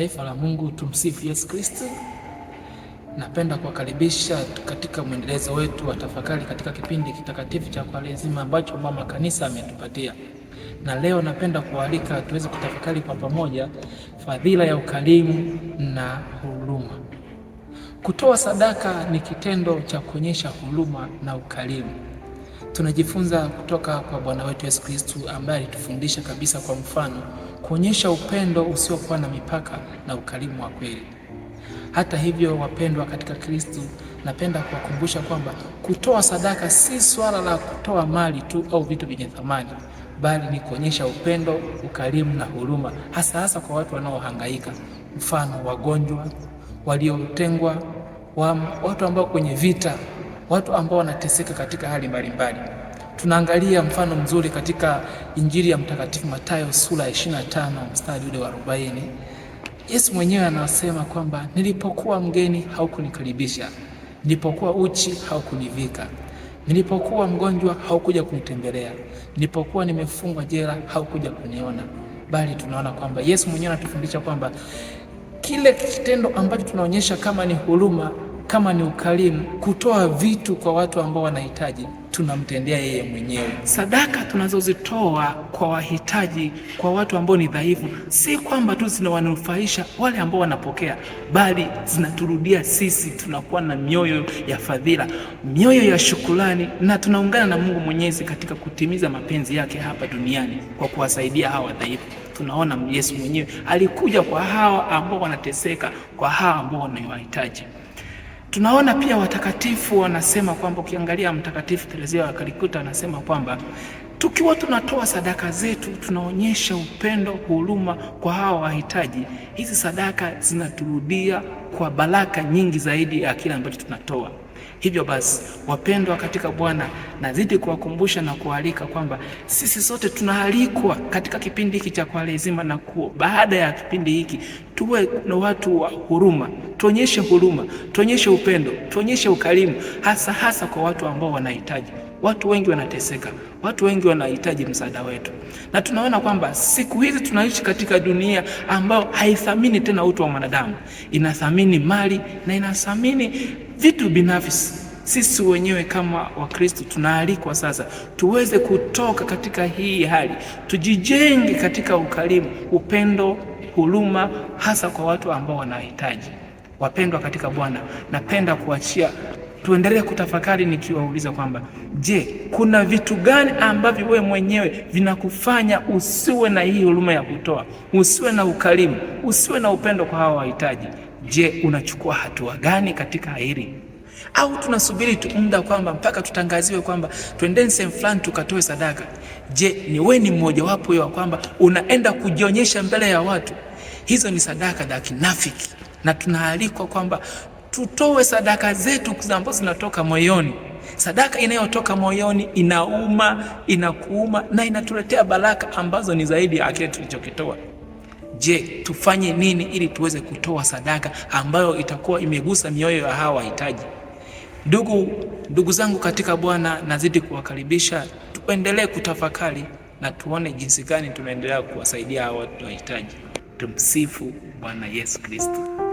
Taifa la Mungu, tumsifu Yesu Kristo. Napenda kuwakaribisha katika mwendelezo wetu wa tafakari katika kipindi kitakatifu cha Kwaresima ambacho mama kanisa ametupatia, na leo napenda kualika tuweze kutafakari kwa pamoja fadhila ya ukarimu na huruma. Kutoa sadaka ni kitendo cha kuonyesha huruma na ukarimu. Tunajifunza kutoka kwa Bwana wetu Yesu kristu ambaye alitufundisha kabisa kwa mfano kuonyesha upendo usiokuwa na mipaka na ukarimu wa kweli. Hata hivyo, wapendwa katika kristu napenda kuwakumbusha kwamba kutoa sadaka si swala la kutoa mali tu au vitu vyenye thamani, bali ni kuonyesha upendo, ukarimu na huruma, hasa hasa kwa watu wanaohangaika, mfano wagonjwa, waliotengwa, watu ambao kwenye vita watu ambao wanateseka katika hali mbalimbali. Tunaangalia mfano mzuri katika Injili ya Mtakatifu Mathayo sura ya tano mstari ule wa 40. Yesu mwenyewe anasema kwamba nilipokuwa mgeni haukunikaribisha, nilipokuwa uchi haukunivika, nilipokuwa mgonjwa haukuja kunitembelea, nilipokuwa nimefungwa jela haukuja kuniona. Bali tunaona kwamba Yesu mwenyewe anatufundisha kwamba kile kitendo ambacho tunaonyesha kama ni huruma kama ni ukarimu, kutoa vitu kwa watu ambao wanahitaji, tunamtendea yeye mwenyewe. Sadaka tunazozitoa kwa wahitaji, kwa watu ambao ni dhaifu, si kwamba tu zinawanufaisha wale ambao wanapokea, bali zinaturudia sisi, tunakuwa na mioyo ya fadhila, mioyo ya shukrani, na tunaungana na Mungu Mwenyezi katika kutimiza mapenzi yake hapa duniani kwa kuwasaidia hawa wadhaifu Tunaona Yesu mwenyewe alikuja kwa hawa ambao wanateseka, kwa hawa ambao wanawahitaji. Tunaona pia watakatifu wanasema kwamba, ukiangalia Mtakatifu Teresia wa Kalkuta anasema kwamba tukiwa tunatoa sadaka zetu tunaonyesha upendo, huruma kwa hawa wahitaji. Hizi sadaka zinaturudia kwa baraka nyingi zaidi ya kile ambacho tunatoa. Hivyo basi, wapendwa katika Bwana, nazidi kuwakumbusha na kualika kwamba sisi sote tunaalikwa katika kipindi hiki cha Kwaresima na kuo, baada ya kipindi hiki tuwe na watu wa huruma, tuonyeshe huruma, tuonyeshe upendo, tuonyeshe ukarimu, hasa hasa kwa watu ambao wanahitaji. Watu wengi wanateseka, watu wengi wanahitaji msaada wetu, na tunaona kwamba siku hizi tunaishi katika dunia ambayo haithamini tena utu wa mwanadamu, inathamini mali na inathamini vitu binafsi. Sisi wenyewe kama Wakristo tunaalikwa sasa tuweze kutoka katika hii hali, tujijenge katika ukarimu, upendo, huruma, hasa kwa watu ambao wanahitaji. Wapendwa katika Bwana, napenda kuachia tuendelee kutafakari nikiwauliza kwamba je, kuna vitu gani ambavyo wewe mwenyewe vinakufanya usiwe na hii huruma ya kutoa, usiwe na ukarimu, usiwe na upendo kwa hawa wahitaji? Je, unachukua hatua gani katika hili? Au tunasubiri tu muda kwamba mpaka tutangaziwe kwamba twendeni sehemu fulani tukatoe sadaka? Je, ni wewe ni mmojawapo huyo wa kwamba unaenda kujionyesha mbele ya watu? Hizo ni sadaka za kinafiki, na tunaalikwa kwamba tutoe sadaka zetu ambazo zinatoka moyoni. Sadaka inayotoka moyoni inauma, inakuuma na inatuletea baraka ambazo ni zaidi ya kile tulichokitoa. Je, tufanye nini ili tuweze kutoa sadaka ambayo itakuwa imegusa mioyo ya hawa wahitaji? Ndugu ndugu zangu katika Bwana, nazidi kuwakaribisha tuendelee kutafakari na tuone jinsi gani tunaendelea kuwasaidia hawa watu wahitaji. Tumsifu Bwana Yesu Kristo.